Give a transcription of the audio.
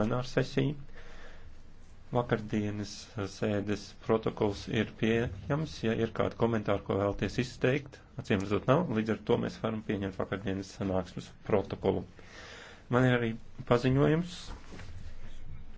plenāru sesiju. Vakardienas eh, sēdes protokols ir pieejams, ja ir kādi komentāri, ko vēlties izteikt. Acīm redzot, nav, līdz ar to mēs varam pieņemt vakardienas sanāksmes protokolu. Man ir arī paziņojums